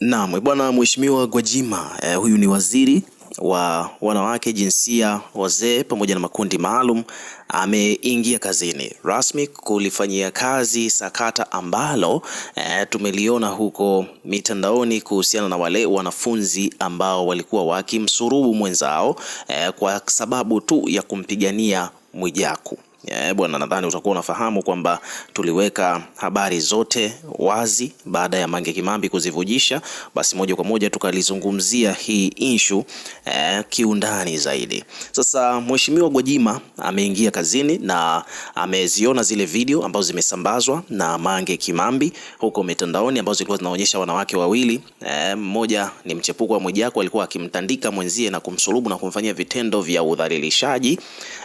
Naam, eh, bwana Mheshimiwa Gwajima eh, huyu ni waziri wa wanawake, jinsia, wazee pamoja na makundi maalum ameingia kazini rasmi kulifanyia kazi sakata ambalo e, tumeliona huko mitandaoni kuhusiana na wale wanafunzi ambao walikuwa wakimsurubu mwenzao e, kwa sababu tu ya kumpigania Mwijaku. Yeah, bwana, nadhani utakuwa unafahamu kwamba tuliweka habari zote wazi baada ya Mange Kimambi kuzivujisha, basi moja kwa moja tukalizungumzia hii inshu eh, kiundani zaidi. Sasa Mheshimiwa Gwajima ameingia kazini na ameziona zile video ambazo zimesambazwa na Mange Kimambi huko mitandaoni ambazo zilikuwa zinaonyesha wanawake wawili, eh, mmoja eh, ni mchepuko wa Mwijaku alikuwa akimtandika mwenzie na kumsulubu na kumfanyia vitendo vya udhalilishaji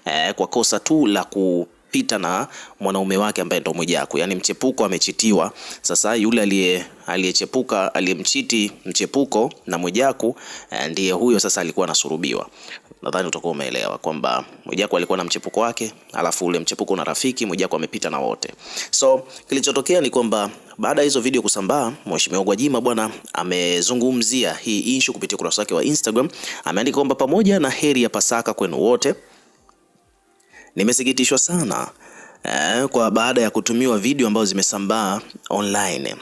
eh, kwa kosa tu la ku amepita na mwanaume wake ambaye ndo Mwijaku, yani mchepuko amechitiwa. Sasa yule aliye aliyechepuka aliyemchiti mchepuko na Mwijaku eh, ndiye huyo sasa alikuwa anasurubiwa. Nadhani utakuwa umeelewa kwamba Mwijaku alikuwa na mchepuko wake, alafu ule mchepuko na rafiki Mwijaku amepita na wote. So kilichotokea ni kwamba baada ya hizo video kusambaa, Mheshimiwa Gwajima bwana amezungumzia hii issue kupitia ukurasa wake wa Instagram. Ameandika kwamba pamoja na heri ya Pasaka kwenu wote Nimesikitishwa sana eh, kwa baada ya kutumiwa video ambazo zimesambaa online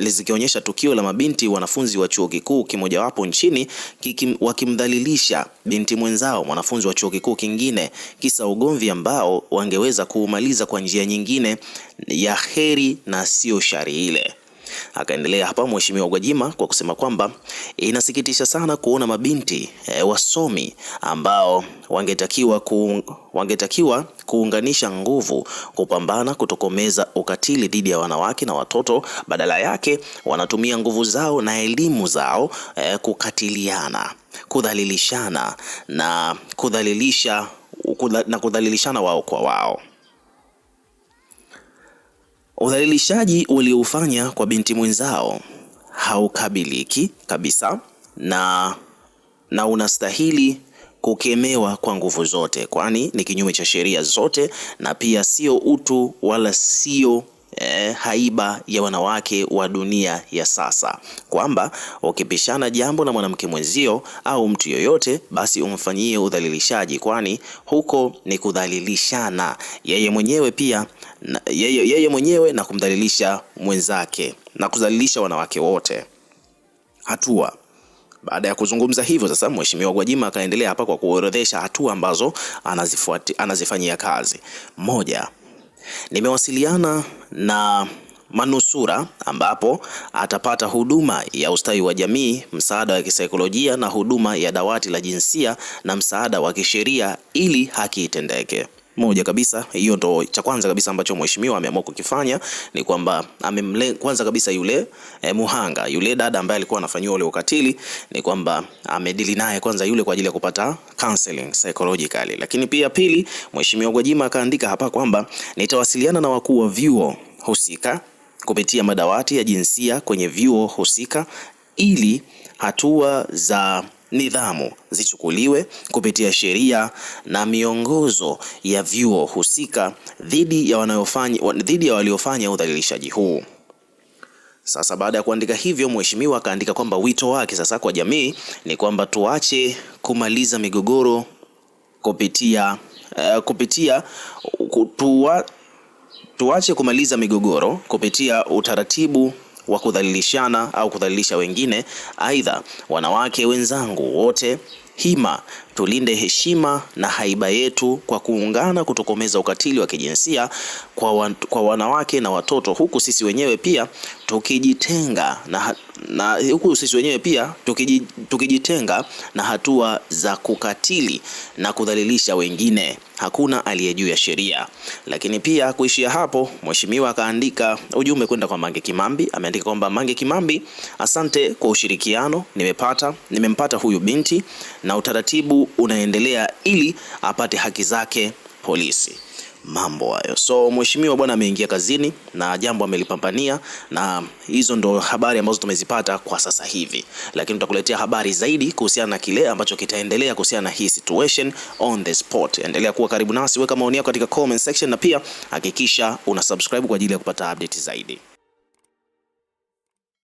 zikionyesha tukio la mabinti wanafunzi wa chuo kikuu kimojawapo nchini kikim, wakimdhalilisha binti mwenzao mwanafunzi wa chuo kikuu kingine, kisa ugomvi ambao wangeweza kuumaliza kwa njia nyingine ya heri na sio shari ile. Akaendelea hapa Mheshimiwa Gwajima kwa kusema kwamba inasikitisha sana kuona mabinti e, wasomi ambao wangetakiwa, ku, wangetakiwa kuunganisha nguvu kupambana kutokomeza ukatili dhidi ya wanawake na watoto, badala yake wanatumia nguvu zao na elimu zao e, kukatiliana, kudhalilishana na kudhalilisha na kudhalilishana wao kwa wao. Udhalilishaji walioufanya kwa binti mwenzao haukabiliki kabisa na, na unastahili kukemewa kwa nguvu zote, kwani ni kinyume cha sheria zote na pia sio utu wala sio eh, haiba ya wanawake wa dunia ya sasa, kwamba ukipishana jambo na mwanamke mwenzio au mtu yoyote, basi umfanyie udhalilishaji, kwani huko ni kudhalilishana yeye mwenyewe pia na, yeye, yeye mwenyewe na kumdhalilisha mwenzake na kudhalilisha wanawake wote. Hatua baada ya kuzungumza hivyo sasa, Mheshimiwa Gwajima akaendelea hapa kwa kuorodhesha hatua ambazo anazifuati anazifanyia kazi. Moja, Nimewasiliana na manusura ambapo atapata huduma ya ustawi wa jamii, msaada wa kisaikolojia na huduma ya dawati la jinsia na msaada wa kisheria ili haki itendeke moja kabisa, hiyo ndo cha kwanza kabisa ambacho mheshimiwa ameamua kukifanya ni kwamba amemle, kwanza kabisa yule eh, muhanga yule dada ambaye alikuwa anafanyiwa ule ukatili ni kwamba amedili naye kwanza yule kwa ajili ya kupata counseling psychologically. Lakini pia pili, mheshimiwa Gwajima akaandika hapa kwamba nitawasiliana na wakuu wa vyuo husika kupitia madawati ya jinsia kwenye vyuo husika ili hatua za nidhamu zichukuliwe kupitia sheria na miongozo ya vyuo husika dhidi ya wanayofanya dhidi ya waliofanya udhalilishaji huu. Sasa baada ya kuandika hivyo, mheshimiwa akaandika kwamba wito wake sasa kwa jamii ni kwamba tuache kumaliza migogoro kupitia uh, kupitia kutua, tuache kumaliza migogoro kupitia utaratibu wa kudhalilishana au kudhalilisha wengine. Aidha, wanawake wenzangu wote hima tulinde heshima na haiba yetu kwa kuungana kutokomeza ukatili wa kijinsia kwa, kwa wanawake na watoto, huku sisi wenyewe pia tukijitenga na na huku sisi wenyewe pia tukijitenga na hatua za kukatili na kudhalilisha wengine, hakuna aliye juu ya sheria. Lakini pia kuishia hapo, mheshimiwa akaandika ujumbe kwenda kwa Mange Kimambi, ameandika kwamba Mange Kimambi, asante kwa ushirikiano nimepata, nimempata huyu binti na utaratibu unaendelea ili apate haki zake polisi mambo hayo. So mheshimiwa bwana ameingia kazini na jambo amelipambania, na hizo ndo habari ambazo tumezipata kwa sasa hivi, lakini tutakuletea habari zaidi kuhusiana na kile ambacho kitaendelea kuhusiana na hii situation on the spot. Endelea kuwa karibu nasi, weka maoni yako katika comment section, na pia hakikisha una subscribe kwa ajili ya kupata update zaidi.